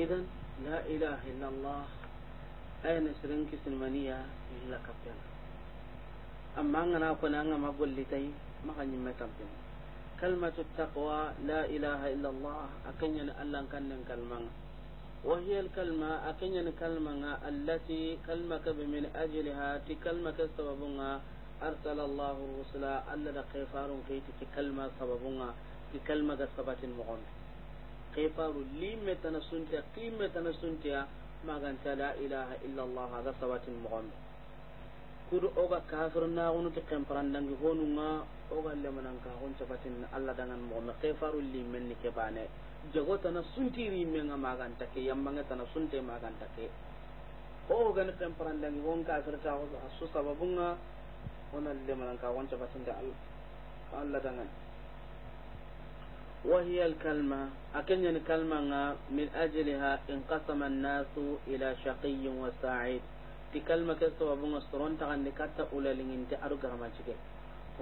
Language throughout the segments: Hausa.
إذا لا إله إلا الله أين سرنك سلمانية إلا كبتنا أما أنا كنا أنا ما أقول لتي ما كان يمتبين كلمة التقوى لا إله إلا الله أكن ألا كان كلمة وهي الكلمة أكن كلمة التي كلمة من أجلها تكلمة سببها أرسل الله الرسل ألا دقيقار في تكلمة سببها تكلمة سببت المغنى kefaru limme tana sunta qimme tana sunta maganta la ilaha illa allah ga sabatin mu'min kudu oga kafir na gunu to kemparan dangi honunga oga lemanan ka hon sabatin allah dangan mu'min kefaru limme ni kebane jago tana sunti rimme nga maganta ke yammanga tana sunte maganta ke o ga ni kemparan dangi hon kafir ta su sababunga ona lemanan ka hon sabatin da allah dangan وهي الكلمة أكن الكلمة من أجلها انقسم الناس إلى شقي وسعيد ti kalma ke sababu nga soron ta kan katta ula lingin ta aru garma jige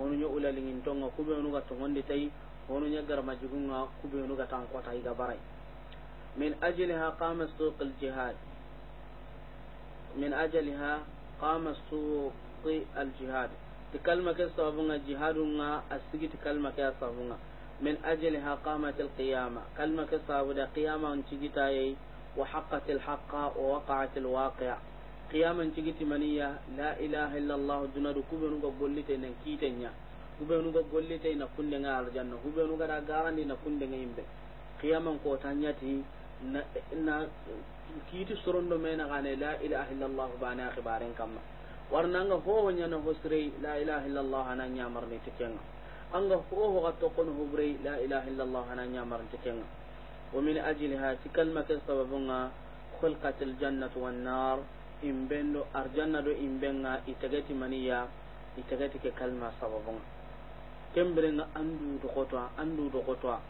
honu nya ula lingin to nga kube nu ga to ngonde tai honu nya garma jigu nga kube nu ga tan kota iga barai min ajliha qama suq al jihad min ajliha qama suq al jihad ti kalma ke sababu nga jihadu nga asigi ti kalma ke sababu nga من أجلها قامت القيامة كلمة كصابة قيامة انتجتاي وحقت الحق ووقعت الواقع قيامة انتجت منية لا إله إلا الله دون كبنو قبولتين كيتنيا كبنو نكون كندنا على الجنة كبنو قد أقارني نكندنا يمبه قيامة قوتانيتي na kiti sorondo غاني لا إله إلا الله بانا خبارين كما warnanga هو wanya هسري لا إله إلا الله ananya marne tikenga anga furo ho ga tokon ho la ilaha illallah hana nya mar tikenga wa min ajliha tikal ma kan sababunga khulqatil al jannatu wan nar imbendo arjanna do imbenga itagati maniya itagati ke kalma sababunga kembere na andu do kotwa andu do kotwa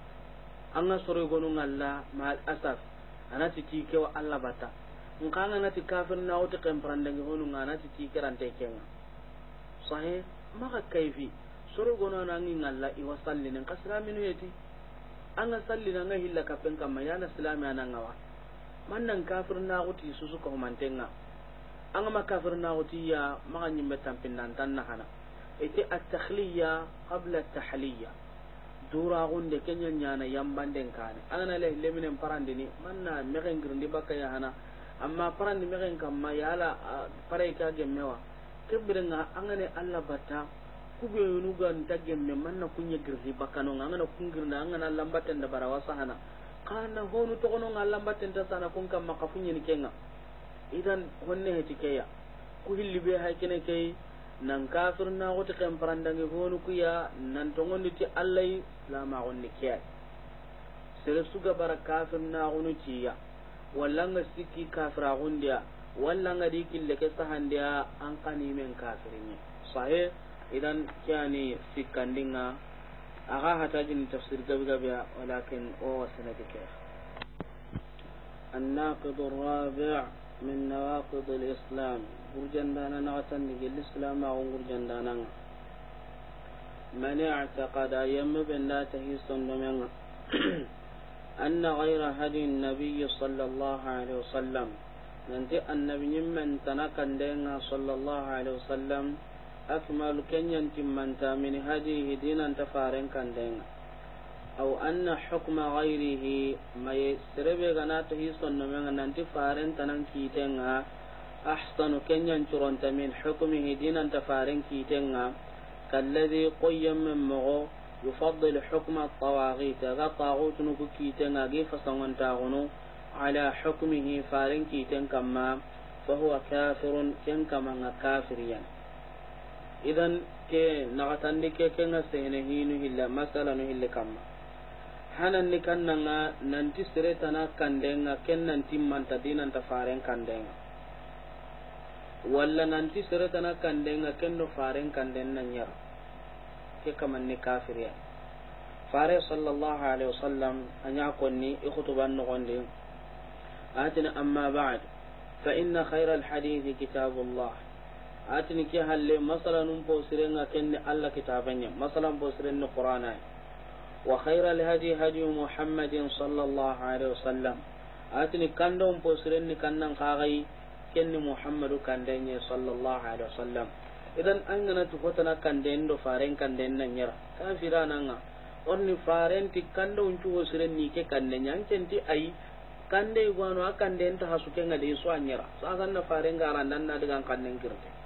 anga sore gonu ngalla ma asaf anati ti ke wa allah bata nkanga ti kafin na wote kemprande ngonu ngana ti ti kerante kenga sahih maka kaifi soro gono na ngi ngalla iwa salli nan minu yeti an salli nan hilla kapen kamma yana islami ananga wa man nan kafir na su su ko mantenga an ma kafir na guti ya maka nyimbe tampin nan tan na hana ite at-takhliya qabla at-tahliya dura gunde kenya nyana yambanden kane anga le leminen parandini man na megengirndi bakka ya hana amma parandi megen kamma yala parai ka gemewa kebirnga angane alla batta ga ta gemme manna kunye girsi bakano ngana kungirna ngana lambaten da barawa sahana kana honu to kono nga lambaten ta sana kun kam maka ni kenga idan honne he tikeya ku hilli be hay kene kay nan kafir na goto kan parandange honu ya nan to ngondi ti allai la ma gonni kiya sere suga bara kafir na gonu ciya wallanga siki kafira gondiya wallanga dikille ke sahandiya an kanimen kafirin sahe كاني idan kyani sikkandinga aga تفسير tafsir gabgabya walakin o wasanati ke الناقض الرابع من نواقض الإسلام برجان دانا نغتن الإسلام أو برجان دانا من اعتقد أيام بن لا تهيسن دمنا أن غير هدي النبي صلى الله عليه وسلم ننتي النبي من تنكن دينا صلى الله عليه وسلم akmalu kenyan timmanta min hadihi dinan ta faren kan denga aw anna hukma ghairihi may sirabe gana to hi sonno men nan ti faren tanan kitenga ahsanu kenyan turanta min hukmihi dinan ta faren kitenga kalladhi qayyam min mago يفضل حكم الطواغيت غطى غوتنو كي تنغي فصنون تاغنو على حكمه فارن كي تنكما فهو كافر تنكما كافريا يعني. idan ke nagatandi ke ke nga sehne hinu hilla masala nu hilla kamma hanan ni kannanga nanti siretana kandenga ken nanti manta dinanta faren kandenga walla nanti siretana kandenga ken no faren kanden nan yar ke kaman ni kafiriya fare sallallahu alaihi wasallam anya konni ikhutuban no gonde atina amma ba'd fa inna khayra alhadith kitabullah atini ke halle masalanun posirenga kenne allah kitabanya masalan posirenni qur'ana wa khayra alhadi hadi muhammadin sallallahu alaihi wasallam atini kandon ni kannan kagai kenni muhammadu kandenye sallallahu alaihi wasallam idan an gana tukotana kanden do faren kanden nan yara kafira nan onni faren ti kando uncu wosiren ni ke kanden yan kenti ai kande gwanu akande ta hasuke ngade so anyara sa ganna faren garan nan na daga kanden kirte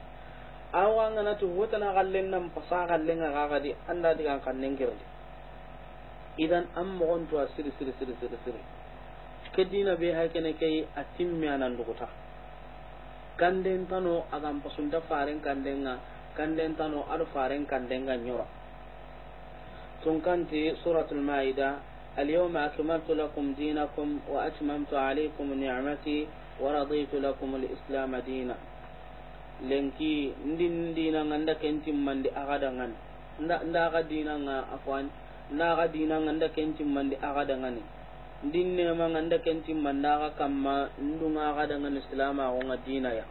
awa na tuhuta na gallen nan pasa gallen nga kagadi anda diga kaneng girdi idan an mogon to asiri siri siri siri siri kedi na hay kene atim atimmi anan dukuta kanden tano agam faring faren nga kanden tano adu faren nga nyora tun suratul maida اليوم أكملت لكم دينكم وأتممت عليكم نعمتي ورضيت لكم الإسلام دينا lenki ndin dina nga nda kentim mandi aga ngani nda nda aga dina nga afwan nda aga dina nga nda kentim mandi aga ngani ndin ne ma nga nda kentim manda ka kamma ndunga aga dangan islama ko nga dina ya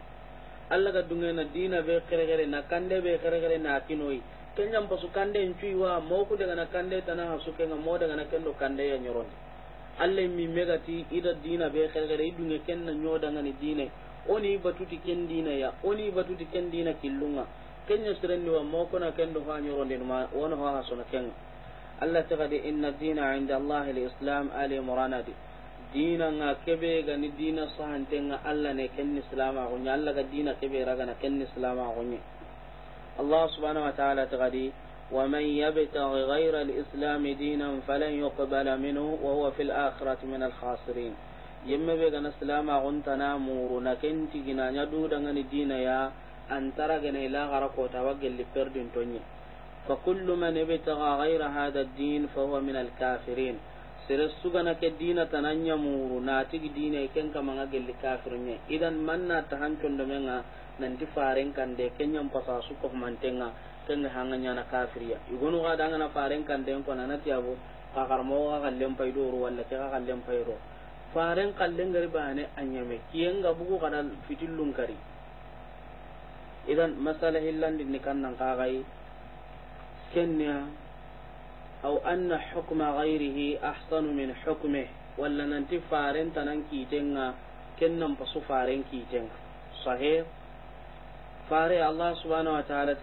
alla ga dunga na dina be kere kere na kande be kere kere na kinoi kenyam pasu kande ncui wa moku ku daga na kande tana hasuke nga mo daga na kendo kande ya nyoron alla mi megati ida dina be kere kere idunga kenna nyoda nga ni dina oni batuti ken dina ya oni batuti ken dina killunga kenya sirenni wa moko na kendo ha nyoro ndin ma wono ha sona ken Allah ta gadi inna dina inda Allah al-Islam ali muranadi dina nga kebe ga ni dina sahantenga Allah ne ken Islam a gonya Allah ga dina kebe raga na ken Islam a gonya Allah subhanahu wa ta'ala ta gadi wa man yabtaghi ومن يبتغي dinan falan yuqbala minhu wa huwa fil akhirati min al khasirin yemme be gana na muru na kenti daga ni dina ya antara gana ila gara ta wa gelli perdin tonye fa kullu man ibtaga ghayra hadha ad-din fa huwa min al-kafirin su gana ke dina tananya muru na tigi dina ken kama ga gelli ne idan man na tahan condo menga nanti faren kande kenyam pasa su ko mantenga ken hanganya na kafiriya igonu ga daga na faren kande ko nanati abo kakar mo ga kallem paido walla ke ga kallem faren kallin gari ba an anyame kiyan ga bugu kana fitillun kari idan masala hillandi kan nan kagai kenya aw anna hukma ghairihi ahsanu min hukmi walla nanti faren tanan kitenga kennan su faren kitenga sahih fare allah subhanahu wa ta'ala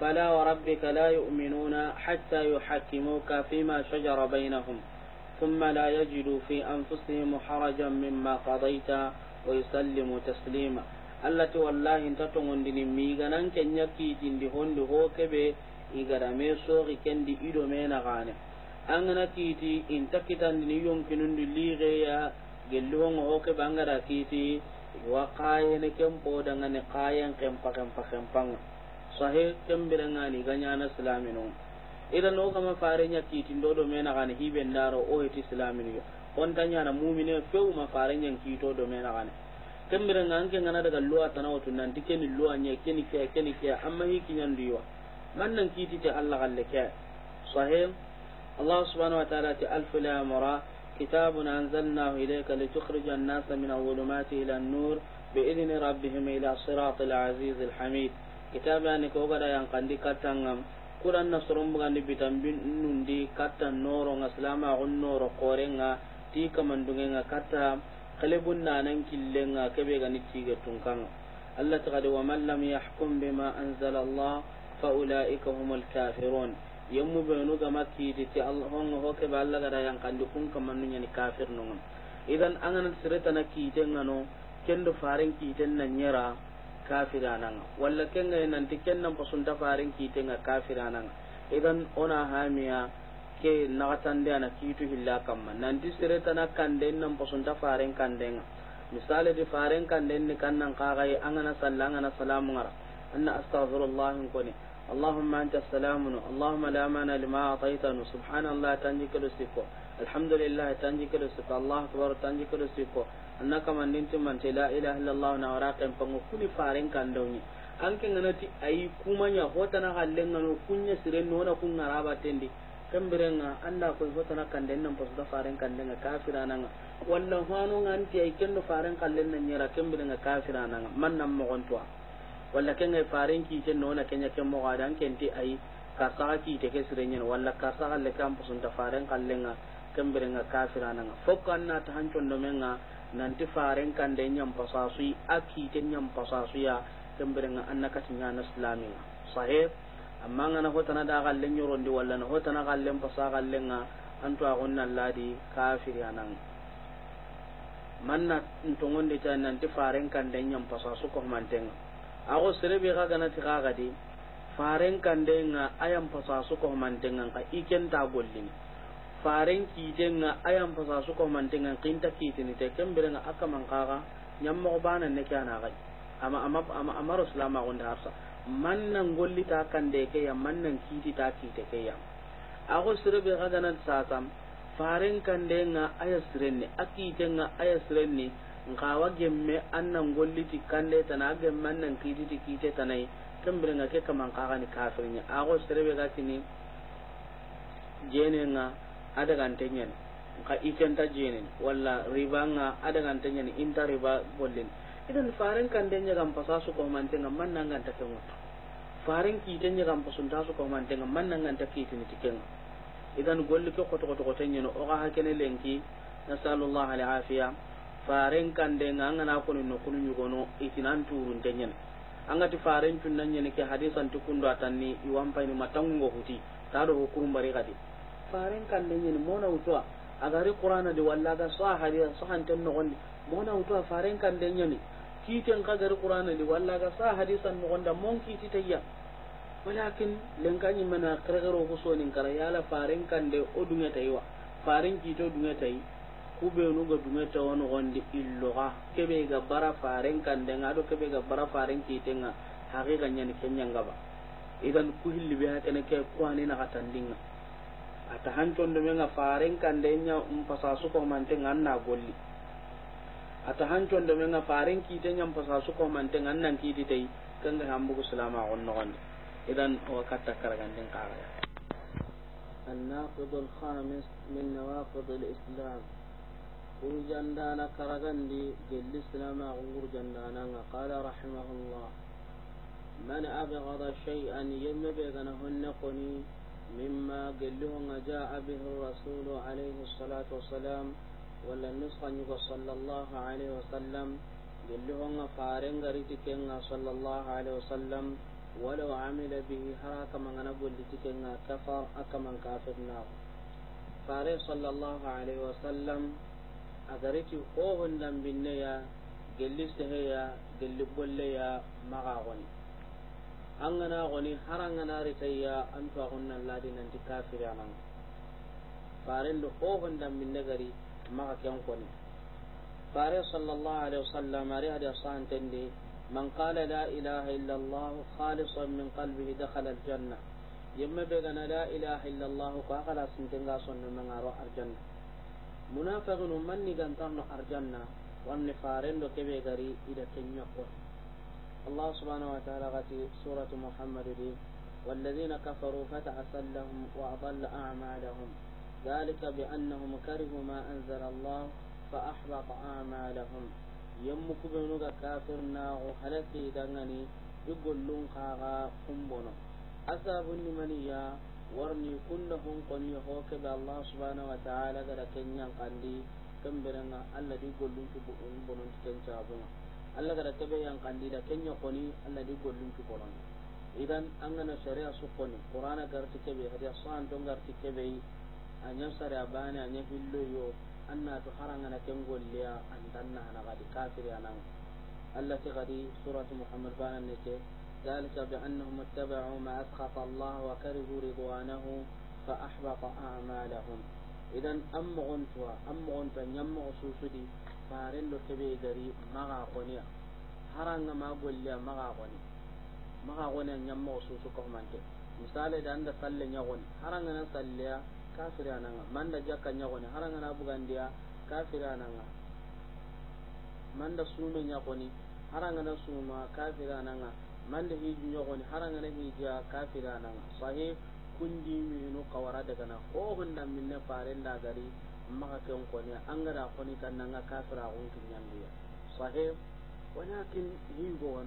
fala wa rabbika la yu'minuna ma يحكموك fima shajara bainahum ثم لا يجدوا في أنفسهم حرجا مما قضيت ويسلموا تسليما allati wallahi nta togondini miganan kenya kiitindi hondi ho keɓe igarame sooki kendi ido menagane angana kiiti inta kitandini yonkinundi ligeya gelli hongo ho keɓe angada kiiti wa kayene ken podangani kayen kempa kempa kempanga sahe kembirangani iganyana silaminonga idan no kama fare nya kitin do do mena kan hibe ndaro o heti islamin yo on tanya na mu'mine feu ma fare nya kiti do mena kan kambira ngan ke ngana daga luwa tanawo tun nan tikeni luwa nya keni ke keni ke amma hiki nyan diwa man nan kiti ta Allah galle ke sahih Allah subhanahu wa ta'ala ta alf la mara kitabun anzalnahu ilayka litukhrijan an-nasa min adh-dhulumati ila an-nur باذن ربهم الى صراط العزيز الحميد كتابا نكوغدا ينقندي كتانغام kuran nasron bugandi bitambin nundi kata noro nga salama gon noro nga ti kamandungenga na kalebun nanan nga kebe gani tiga tungkang allah tagade wa man lam yahkum bima anzala allah fa ulaika humul kafirun yemmu benu gama di ti honga ho kebe allah gada yankandi kun ni kafir nongon idan na siretana kiitenga no kendo faren kiiten na nyera kafira nan walla kenga nan tikken nan farin kite nga kafira idan ona hamiya ke nagatan da na kitu hilla kamma nan ti ta na kande nan pasun farin kande nga misali di farin kande ni kannan kagai angana sallan angana salamu ngara anna astaghfirullah ko ne اللهم أنت السلام اللهم لا مانع لما أعطيتنا سبحان الله تنجيك الحمد لله تنجيك السيكو الله أكبر تنجيك anna kamandin timman ce la ilaha illallah na waraqin pango kuni faren kandauni an kin ti ayi kumanya hotana hallen ngano kunya no na kun ngaraba tendi kambirenga anda ko kan kanden nan da faren kanden ga kafirana nga walla hanu nganti ay kendo faren kallen nan kan kambirenga kafirana nga man nan mo tuwa walla kenga faren ki ce nona kenya kemmo gadan ti ayi kasaga ki te ke sirenyen walla kasaga le kampus da faren nga. kafira na nga fokka na ta nan ti faren kande ñampasasui a kiite ñampasasuya kembirenga anna kati na islami sahe amma nga na hotana da yoro ndi walla na hotana gallen pasa nga antu agunnalladi man na manna de ta ti faren kande a kohmantenga ago serebe ga ganati di faren kandenga ayam pasasu nga ka ta gollini faren nga ayan fasa su ko mantenga kinta kitini te kembirenga aka mankaga nyammo bana ne kana gai ama ama amma amaro salama gonda man mannan golli ta kan de ke ya mannan kiti ta kite ke ya ago sirbe sa sam faren kan de nga aya sirenne akite nga aya sirenne me gemme annan golli ti kan de tana man mannan kiti ti kite tanai kembirenga ke kaman kaga ni kafirnya ago sirbe gatini jene nga ada gantenyen ka ta jinin wala riba nga ada gantenyen inta riba bolin idan faren kan denya gam pasa su ko man tenga man nan ganta ken wata Faren ki denya gam pasun ta su ko man tenga man nan ganta ki tin tiken idan golli ko ko to ko tenyen o ga hakene lenki nasallallahu alaihi afia faran kan denga ngana ko no kunu nyugono itinan turun tenyen angati faren cunnan ñeni ke hadisan ti kundo atanni iwampaini matangungo huti ko kurum bari kadi faren kan da yin mona a gari qur'ana da walla ga sahariya sahan tan no gonde mona utwa faren kan da yin kiten ka gari qur'ana da walla ga sahari san no wanda mon kiti tayya walakin lenkani mana kargaro ko so nin kara yala faren kan de odunya taywa faren kito dunya tayi kubenu ga dunya tawon wanda illoga kebe ga bara faren kan da ado kebe ga bara faren kitenga haqiqan yan kenya ngaba idan ku hilli be hatene ke kwani na katandinga atahan condo menga faren kandenya umpasa su ko manteng anna golli atahan condo farin kite kitenya umpasa su ko manteng annan kiti kan kanga hambu salama on non idan o katta karaganden kara الناقض الخامس من نواقض الإسلام urjandaana karagandi gelli silamaxu urjandaananga qala rahimahu llah man abgada shay'an yemme ɓegana honne koni مما قلوه جاء به الرسول عليه الصلاة والسلام ولا نسخة صلى الله عليه وسلم قلوه فارن غريتكنا صلى الله عليه وسلم ولو عمل به هراك من نقول لتكنا كفر أكمن نار فارن صلى الله عليه وسلم agariti hohon بنيا قل لسهيا قل bolleya magagoni angana goni harangana ritaya antu agonna ladi nanti kafiri anan farendo o honda minne gari maka kyan koni fare sallallahu alaihi wasallam ari hadi asan tende man qala la ilaha illa allah khalisan min qalbihi dakhala al janna yemma be gana la ilaha illa allah ka kala sintenga sonna mangaro arjanna munafiqun man ni gantarno arjanna wanne farendo kebe gari ida kenya koni الله سبحانه وتعالى غتي سورة محمد دي والذين كفروا فتعس لهم وأضل أعمالهم ذلك بأنهم كرهوا ما أنزل الله فأحبط أعمالهم يمك بنوغا كافرنا وحلقي دغني يقولون خاغا قنبنا أساب النمانية ورني kunna hon koni ho سبحانه وتعالى ذلك ينقل لي كم برنا الذي kandi kamberanga Allah Allah gara tabe yang kandida kenya koni Allah di gollum ki kono idan an gana sharia su koni qur'ana garti kebe hadiya san don garti kebe anya sare abani anya hillo yo anna to haranga na ken golliya andanna na gadi kafiri anan Allah ti gadi suratu muhammad bana ne ke ذلك بأنهم اتبعوا ما أسخط الله وكرهوا رضوانه فأحبط أعمالهم إذا أم غنتوا أم غنتوا يم غسوسدي faren do kebe gari maga koniya haranga ga golliya maga koni maga koni an yamma su su ko mante misale da anda salle nya koni haranga na salliya kafiri ananga manda jakka nya koni haranga na bugandiya kafiri ananga manda sume nya koni haranga na suma kafiri ananga manda hiji nya koni haranga na ya kafira ananga sahih kundi minu kawara daga na ko hunda minne faren da gari maka ken kone an gada koni kan nan ga kafira kun kinyambiya sahih walakin higo wa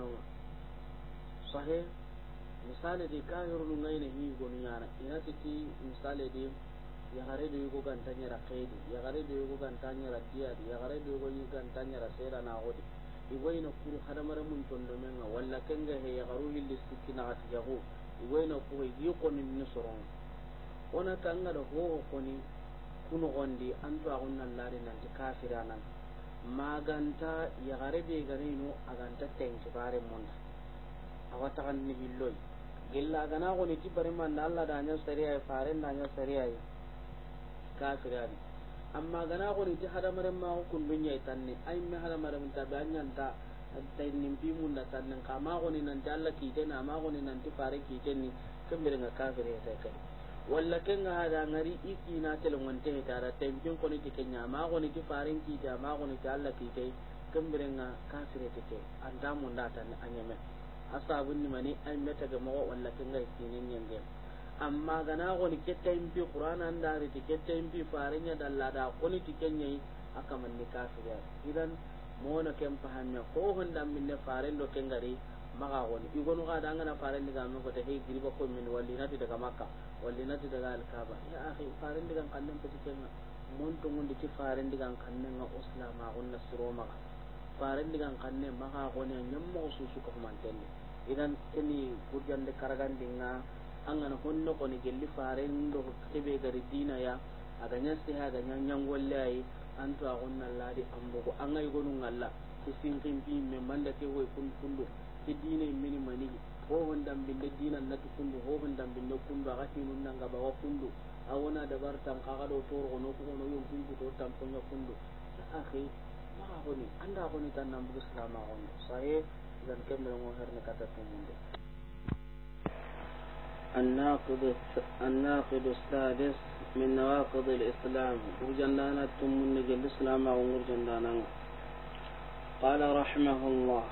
sahih misali di kahiru nu ngaina higo nu yana ina titi misali di ya gare do yugo ganta nyara kaidi ya gare do yugo ganta nyara diadi ya gare do yugo ganta nyara sera na godi na kuru hadamara mun tondo wala walla kenga he ya garu hilli sikina ati yago na kuru yi konin ni soronga ona ka da ho koni kuno gondi an to agunna lari nanti kafira nan maganta yagarebe ganino aganta tenki bare munda awata kan ni hilloi gilla gana ko ni tibare man Allah da nya sariya faren da nya sariya kafira ni amma gana ko ni ti hadamare ma ko kundunya itanni ai me hadamare mun tabanya ta ta bi mun da tannin kama go ni nan allah ki dena ma go ni nan ti fare ki tenni kambere ga kafira ta kai walla kenga hada ngari iki na tele ngonte tara temkin koni ti kenya ma koni ti farin ki ta ma koni ti Allah ki kai kambirenga kasire ti ke anda mun da tan anyame asabun ni mani ay meta ga mawa walla kenga ikinin yenge amma na koni ke tembi qur'ana ndari ti ke farin farinya dalla da koni ti kenya aka man ni kasire idan na kem pahamme ko honda ne farin do kengari maga koni igonu ga da ngana farin diga mun ko ta he giriba ko min walli na ti daga makka na wallinati daga alkaba ya akhi farin digan kannan ta cikin mun to mun diti farin digan kannan na usla ma gunna siroma farin digan kannan ma ga gonya nyammo su su ko mantenni idan kini gudan da karagan dinga an gana honno ko ni gelli farin do kebe gari dina ya aga nyasti ha ga ya wallahi an to a gunna ladi ambo an ay gonun Allah kisin kin bi me manda ke way kun kundu ki dine mini manigi. hohon dambinne dinan nati kundu hohon dambinne kundu aga tinun nanga bawa kundu awona dabar tan kaga do toro gono ko gono yon kundu to tan ponya kundu akhi ma goni anda goni tan nam bu islam goni sahe dan kemre mo herne kata tumundo الناقض الناقض السادس من نواقض الإسلام ورجندانا تم النجل الإسلام ورجندانا قال رحمه الله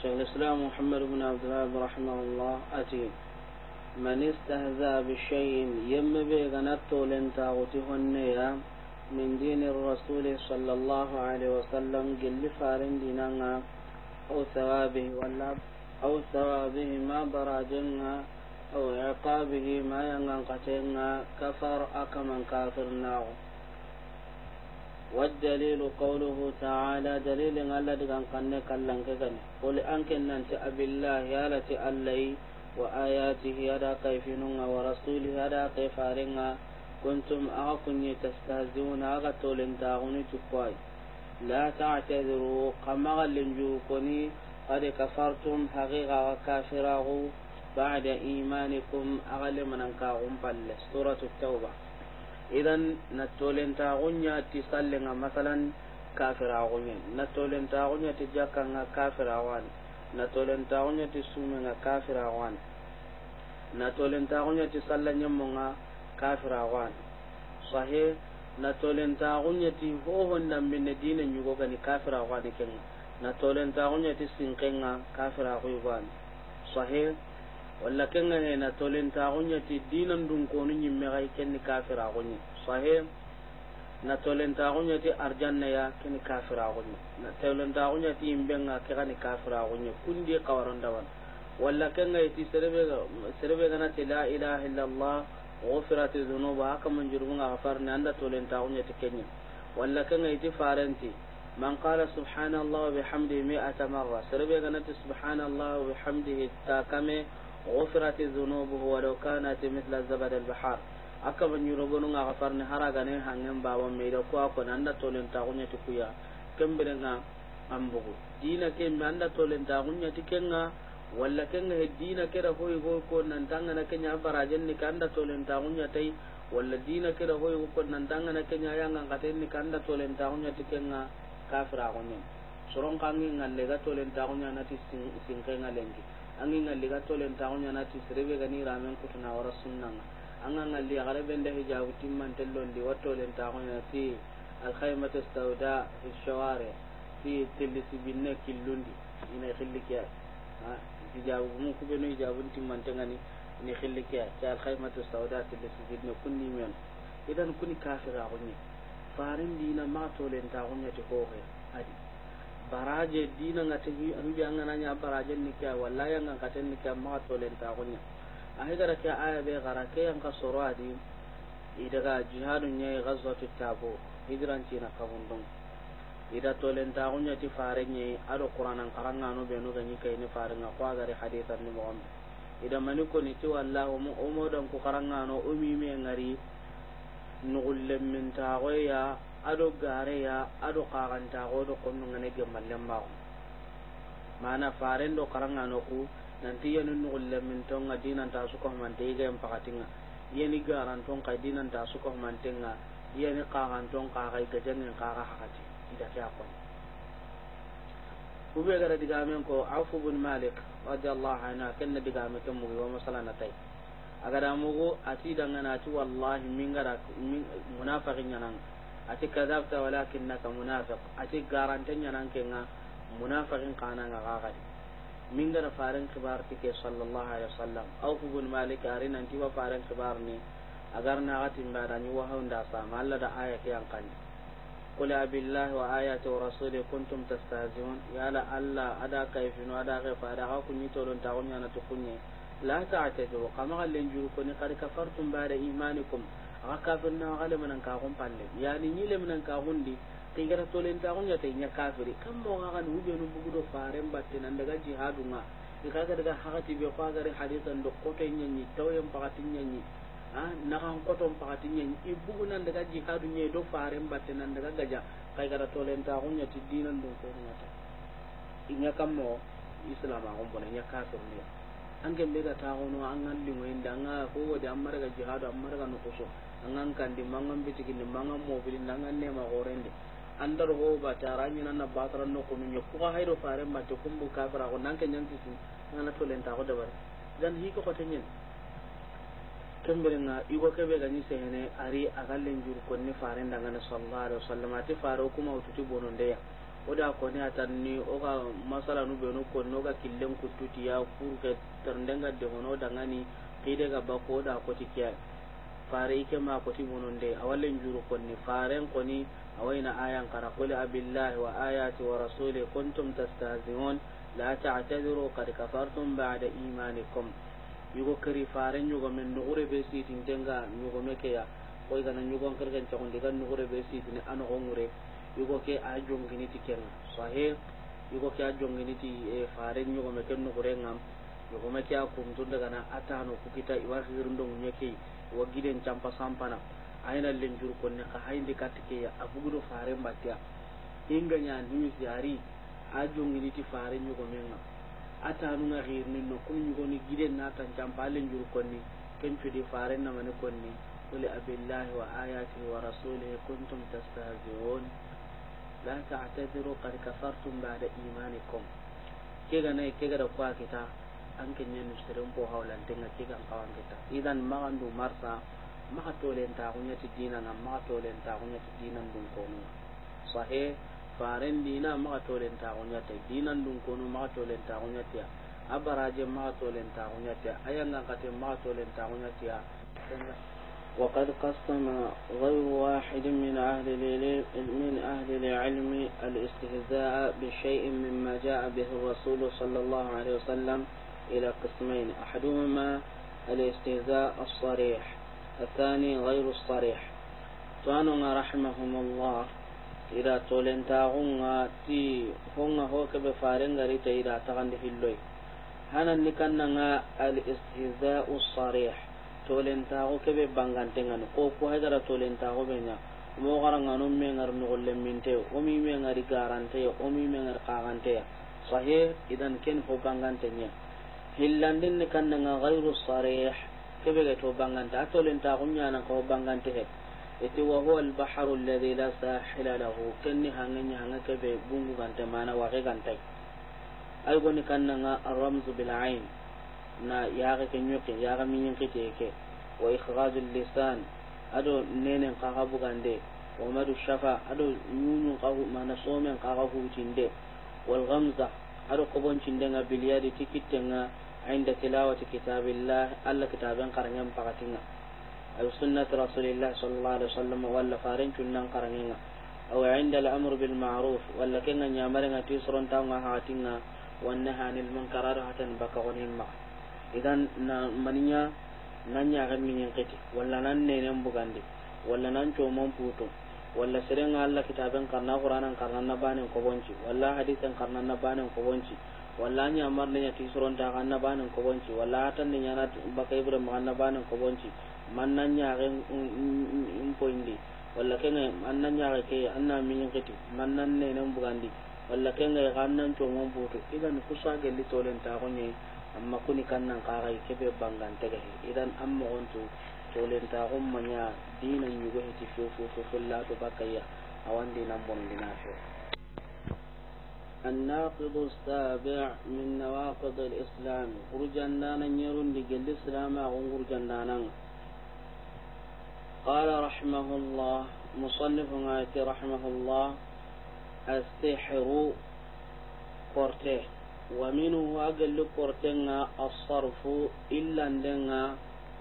شيخ الإسلام محمد بن عبد الوهاب رحمه الله أتي من استهزأ بشيء يم بيغنت لنتاغتهن من دين الرسول صلى الله عليه وسلم جل فارن ديننا أو ثوابه ولا أو ثوابه ما براجنا أو عقابه ما ينقتلنا كفر أكمن كافر والدليل قوله تعالى دليل على دغان قنن كلن كغن قل أنك ننت ابي الله يالتي الله وآياته كيف نونا ورسوله هذا كيفارنا كنتم أغكني تستهزئون أغتول تاغني تقوي لا تعتذروا قم غلنجوكني قد كفرتم حقيقة وكافره بعد إيمانكم أغلمنا كاغم سورة التوبة idan na tolen ta gunya ti sallenga masalan kafira gunya na tolen ta gunya ti jakanga kafira wan na tolen ta gunya ti sumenga kafira wan na tolen ta gunya ti sallanya monga kafira wan sahe na tolen ta gunya ti hohon min binne dina nyugo gani kafira wan ken na tolen ta gunya ti sinkenga kafira wan sahe wala kenga ne na tolen ta gonya ti dinan dun ko nu nyi me gay ken kafira gonya sahe na tolen ta gonya ti arjanna ya ken kafira gonya na tolen ta gonya ti imbenga ke gani kafira gonya kundi qawaron dawan wala kenga ti serebe serebe na ti la ilaha illallah ghufrat dhunub aka mun jurbu ghafar ne anda tolen ta gonya ti kenya wala kenga ti faranti man qala subhanallahi wa bihamdihi 100 marra serebe ganati subhanallahi wa bihamdihi ta kame غفرت ذنوبه ولو كانت مثل الزبد البحار akaba nyurogonu nga gafarni haragane hangen baba meida ko ako nanda tolen ta gunya ti kuya kembere nga ambugo dina kembe anda tolen ta gunya ti kenga walla kenga he dina kera hoy ko nan tanga na kenya barajen ni kanda tolen ta gunya tai walla dina kera hoy go ko nan tanga na kenya yanga ngaten ni kanda tolen ta gunya ti kenga kafira gunya soron kangi ngalle ga tolen ta gunya na ti sing singa lengi angi ngalli ga tolen taxu ñanati serebe ni ramen kutuna wara nga anga ngalli agara bende hijabu timman tellondi wa tolen taxu ñanati alkhaymatu sauda fi shawari fi tellisi binne kilundi ina xillike hijabu mu ku kubenu hijabu timmantengani ni xillike ta alkhaymatu sauda tellisi binne kunni men idan kuni kafira xunye farin dina ma tolen ta taxu ñati hooxe adi baraje dina nga tigi anu bi anga nanya baraje nikya walla ya nga katen nikya ma tolen ta gonya ahe gara ke aya be gara ke an ka soro adi idaga jihadun nya ghazwatu tabu hijran na kabun dum ida tolen ta gonya ti fare nye ado qur'anan karanga no be no ga nyika ni fare nga kwa gari hadithan ni mo'am ida maniko ni ti walla o mo dan ku karanga no o mi me ngari nugullem min ta goya ado gareya ado ko do konnungane ma mana faren do karanga ku nanti yeni nuxullemintonga dinanta sukohumante igayen pakatinga yeni garanton ka dinanta sukohumantenga yeni kaxanton kaxa igajangin kaxa hakati idake a kon kube gara men ko afu bun malik radiallahu anhu kenna digame ke mugi wa masalanatai agada mugu ati dangana ati wallahi min gara munafiqin ñananga ati kadabta walakinnaka munafiq ati garantenya nankenga munafiqin kananga kakadi min gara faran kibar tike sallallahu alaihi wasallam aw kubun malik ari nan tiwa faran kibar ni agar na gatin badani wa haunda sama Allah da aya ke yankani qul billahi wa ayati wa rasuli kuntum tastahzi'un ya la alla ada kaifinu ada ga fara ha kunni to don tawonya na tukunye la ta'tadu qama len juru koni qad kafartum ba'da imanikum aka kafir na gale manan ka gon palle yani ni le manan ka gon di tigara to len ta gon ya nya kafiri kam mo ga kan huje no do batte nan daga jihadu ma e kaga daga hakati be ko gare hadisan do ko tay nyanyi tawen pakati nyanyi ha na kan ko ton pakati nyanyi e bugu nan daga jihadu nye do farem batte nan daga gaja ka gara to len ta gon ya dinan do ko nyata inya kam mo islam a gon bonen ya kafir ne an gembe ta gono an ngalli ngoyin da nga ko jihadu amarga angan kandi mangan bitigi ni mangan mobili nangan ne ma gorende andar go ba taranyi nan na bataran no kunu nyo ko hayro fare ma to kumbu kafara ko nan kanyan tisi nan to tolen ta ko dabar dan hi ko kotenyen kembere na igo kebe ganyi sehene ari agallen jur konni fare ndanga na sallallahu alaihi wasallam ati faro kuma ututi bononde ya oda ni o oga masala nu benu konni oga killen kututi ya kurke tarndenga de hono dangani kide ga bako oda koti kiyaye fare ike ma koti de awallen juru konni faren koni awaina ayan kara qul abillahi wa ayati wa rasuli kuntum tastahzi'un la ta'tadiru qad kafartum ba'da imanikum yugo kari faren yugo men no ure be sitin denga yugo ya koy gana yugo kirgen to ndi gan no ure be sitin an ongure yugo ke a jongini tikenga sahih yugo ke a jongini ti e, faren yugo meke no ure ngam yugo meke kum tun daga na atano kukita iwa hirundo nyekei wa giden campa sampana aina lenjur ne ka haindi katike ya abugudo fare mbatia inga nya ndimi siari ngini ti fare nyugo menga atanu na hirni no kun nyugo ni giden na tan campa lenjur ni kencu di fare na mani ni qul abillahi wa ayatihi wa rasulihi kuntum tastahzi'un la ta'tadiru qad kafartum ba'da imanikum kega nay kega da kwa kita anken yen nishtirin po hawlan tenga kigan kawan kita idan magandu marsa maka tolen taxuñati dinanga maka tolen taxuñati dinan dun konunga sahe faren dina maka tolen taxuñate dinan dun konu maka tolen taxuñatia a baraje maka tolen taxuñatia a yangankate maka tolen taxuñatia وقد قسم غير واحد من أهل من أهل العلم الاستهزاء بشيء مما جاء به الرسول صلى الله عليه وسلم إلى قسمين أحدهما الاستهزاء الصريح الثاني غير الصريح تانو رحمهم الله إذا تولن تاغونا تي هونا هو كبفارن غريتا إذا تغند في اللوي هنا نكننا الاستهزاء الصريح تولن تاغو كببانغان تنغن قوكو هدر تولن تاغو بينا موغران غنم من غر نغل من تيو أمي من غر غاران تيو أمي صحيح إذا كن هو كانغان hillandin ni kannanga ghayru sarih kebe ga to banganta atolin ta kunya nan ko bangante he iti wa huwa al bahru alladhi la sahila lahu kenni ya hanga kebe bungu ganta mana wa ke ganta ay goni kannanga ar-ramzu bil ain na yaga ke nyoke yaga ga kite ke wa al lisan ado nenen kaga bugande wa madu shafa ado nyunyu kaga mana somen kaga hutinde wal ghamza ado koboncin denga biliyadi tikittenga عند تلاوة كتاب الله ألا كتابا قرن ينبغتنا أو سنة رسول الله صلى الله عليه وسلم ولا فارن كنا قرنين أو عند الأمر بالمعروف ولا كنا نعمرنا تيسرون تاما هاتنا والنهى عن المنكر رهتن بكغنين مع إذا منيا nan ñaxen miñen xiti walla nan nenen bugandi walla nan comon putum walla serenga allah kitaben karna qur'anan karnan na banen kobonci walla hadisen karnan walla nya mar ne ti soron ta kan na banan ko bonci walla tan ne nyana baka ibra ma na banan ko bonci man nan nya in poindi walla ne an nan nya ke an na min kiti man nan ne nan bugandi walla ne kan nan to mun butu idan kusa li tolen ta gonye amma kuni kan nan ka ke be bangan tege idan amma to tolen ta manya dinan yugo hiti fofo fofo la to bakaya awan nan bon dinafe الناقض السابع من نواقض الإسلام قرجندانا يرون لجل الإسلام أغنقر قال رحمه الله مصنف مالك رحمه الله السحر قرته ومنه أقل قرتنا الصرف إلا لنا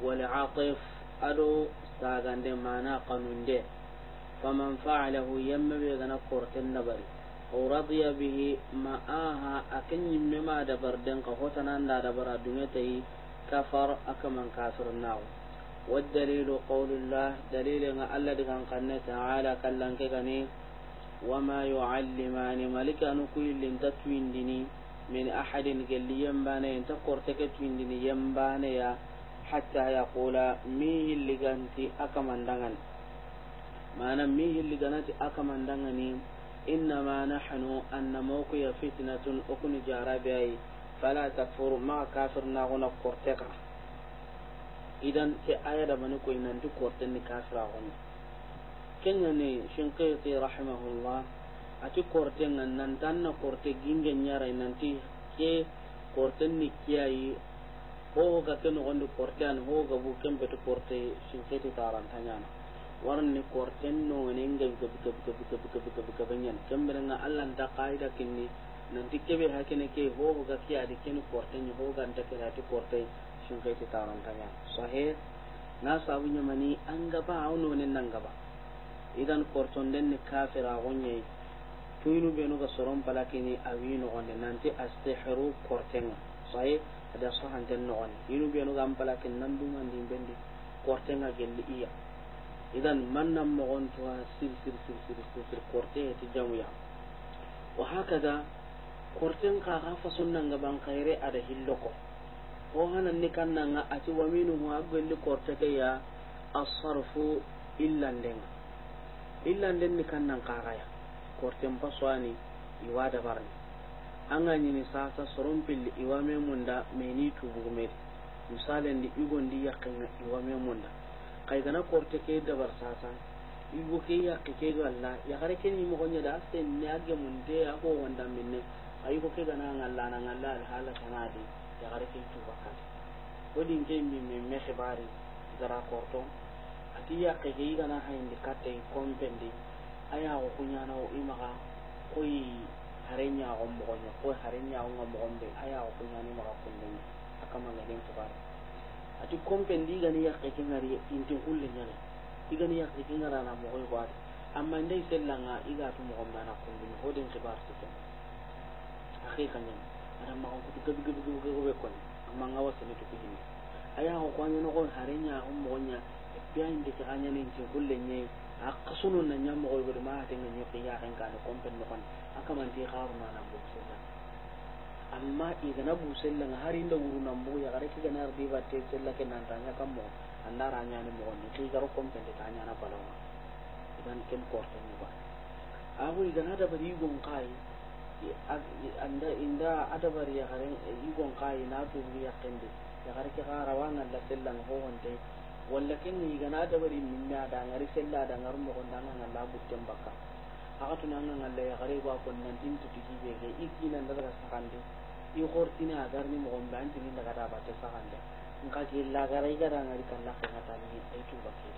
والعطف أدو ساقا دمانا قنون دي فمن فعله يم بيغنا قرتنا بري أو رضي به ما آها أكن يمما دبر دنك هوتنا لا دبر دنيتي كفر أكمن كافر النار والدليل قول الله دليل ما ألا دغن قنة تعالى كلن كغني وما يعلمان ملك نكوي تتوين دني من أحد قال لي ينبانا ينتقر تكتوين دني ينبانا حتى يقول ميه اللي قنتي أكمن دغن معنى ميه اللي قنتي أكمن دغني إنما نحن أن موقي فتنة أكون جارابي فلا تكفر ما كافر ناغنا كورتكا إذن في آية دمنكو إن أنت كورتني كافر أغنى كنني شنقيتي رحمه الله أتي كورتن أن ننتان ننتن كورتي نيارا إن أنت كي كورتني كياي هو غا كنو غندو كورتان هو غا بو كمبتو كورتي شنقيطي تاران تانيانا warni korten no ngene ngam gab gab gab gab gab gab gab nyen kambere na allan da qaida kinni nan tikkebe hakene ke ho ga kiya de ken korten ho ga nda kala ti korte shin kai ti ta ya sahe na sabu nyamani an gaba a ne nan gaba idan korton den ni kafira gonye tuyinu no ga soron balakini awino gonde nanti astihru kortenga da ada sahan den no on yinu benu ga balakin nan dunga ndimbendi kortenga gelli iya idan mannan mogon to sir sir sir sir sir sir korte ti jamuya wa hakaza korten ka hafa fa sunnan ga kaire a da hilloko ko hanan ni nan a ati wa minhu agalli korte ke ya asarfu illa den illa nden ni kannan qaraya korten paswani iwa da barni an ganyi ni sasa soron pilli iwa memunda meni tubu meri misalin di igon di yakin iwa memunda kai gana korte ke dabar sasa igo ke ya ke ke galla ya gare ke ni mo gonya da sen ne agge munde ya ko wanda minne ayi ko ke gana ngalla na ngalla al hala sanade ya gare ke tu bakka wodin ke mi me me khibari zara korto ati ya ke ke gana haindi katte kompende aya ko kunya na o imaga koyi harenya o mo gonya ko harenya o mo gombe aya ko kunya ni maga kunde akama ngalen fukara ati kompen di gani yakke ke ngari intin kulle nyana di gani yakke ke ngara na mo ko wat amma ndai sellanga iga to mo ngana kundi ho den ke bar tuke akhi kanyan ara ma ko gabi gabi gabi gudu be ni amma ngawa sene ko kini aya ko kwanya no ko harenya o mo nya biya inde ke anya ne intin kulle nye akasunu na nyam mo ko ma hatin ne ke ya kan kan kompen no kan akamanti kharuna na bukse amma igana busella nga hari nda wuru nambu ya gare kiga na ardi batte sella ke nan tanya kammo anda ranya ni mo ni kiga ro kom pende tanya na balonga idan ken korto ni ba awu igana da bari gon kai anda inda ada bari ya gare igon kai na tu ya kende ya gare ke gara wanga la sella nga ho wonde wala ken ni igana da bari minna da ngari sella da ngar mo gonda nga la butte mbaka akatu nan nan Allah ya gare ba kon nan din tu tigi be ga iki nan daga sakande i na agar ni mo ban tin daga da ba ta sakande in ka e ke la gare ga ran ari kan la ka ta ni ai tu ba ke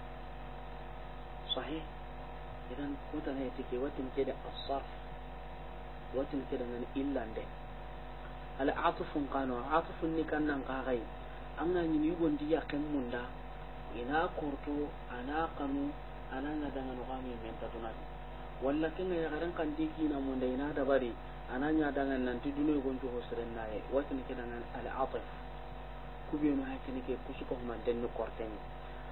sahih idan ko ta ne tike watin ke da asaf watin ke da nan illan dai al atufun kano atufun ni kan nan ka gai an na ni ndi ya kan munda ina kurto ana kanu ana na daga no ga mi men ta tunani walla kenga yagaren kanti kina munda ina dabari ananya dangan nanti dunoy gonco hosren naye watini ke dangan al atif kubenu ne ke kusuko den ni korten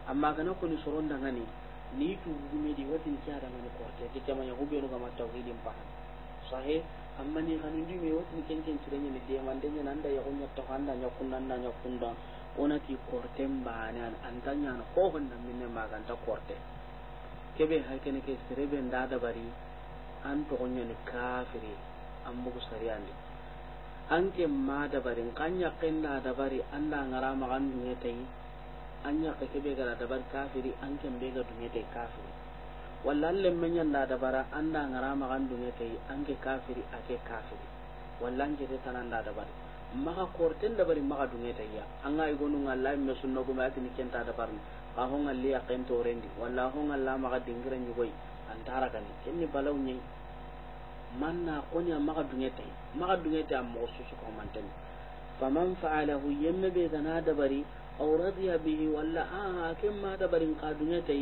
amma gana koni soron dangani ni tu tugumedi watini ke adangani korte ke jamanya ga ma tawhidin pahan sahe amma ni kanu dume ken kenken cirenya ni demandenya nanda yagunya tohanda nyakunda da ona ki korten nan antanya ko honda minne maganta korte kebe hakene ke serebe ndada bari an gonya ni kafiri an bugu sariyandi an ke ma dabari kan ya kenna dabari an da ngara ma kan dunya tai an ya ke kebe gara bari kafiri an ke be ga dunya tai kafiri wallan le menya da dabara an da ngara ma kan dunya tai an ke kafiri ake kafiri wallan je ta nan da dabari maga korten da bari maga dunge an anga igonu ngalla me sunna ko ma tin kenta da barni ka ho ngalli ya kento rendi walla ho ngalla maga dingira nyugoi antara kan kenni balaw nyi manna konya maga dunge ta maga dunge ta mo su susu ko man tan man fa'alahu yamma be dana da bari aw radiya bihi walla a kem ma da bari ka dunge ta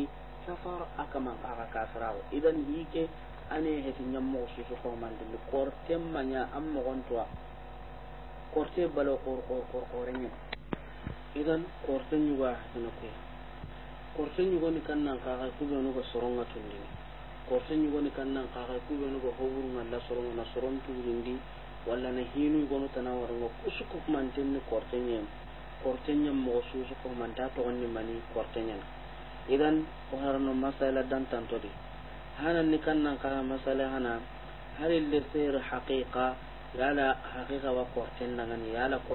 safar akama ka kafirawo idan hike ane hetin nyammo susu ko man tan korten manya am mo gontoa korte balo korkorenye idan korte ñugo ahatino ke korte ñugoni kan nan kaxa kuɓenugo soronga tundi korte ñugoni kan nan kaxa kuɓenugo hoɓurungalla soronga na soron tundi walla na hinu hinuygono tana warengo kusukumantenni korte ñem korte ñem ta susukumanta ni mani korte ñena idan oharano masala dan tan dantantodi ni kan nan kaxa masala hana har illir seyre haqiqa yala haqiqa wa korten dangani yala ko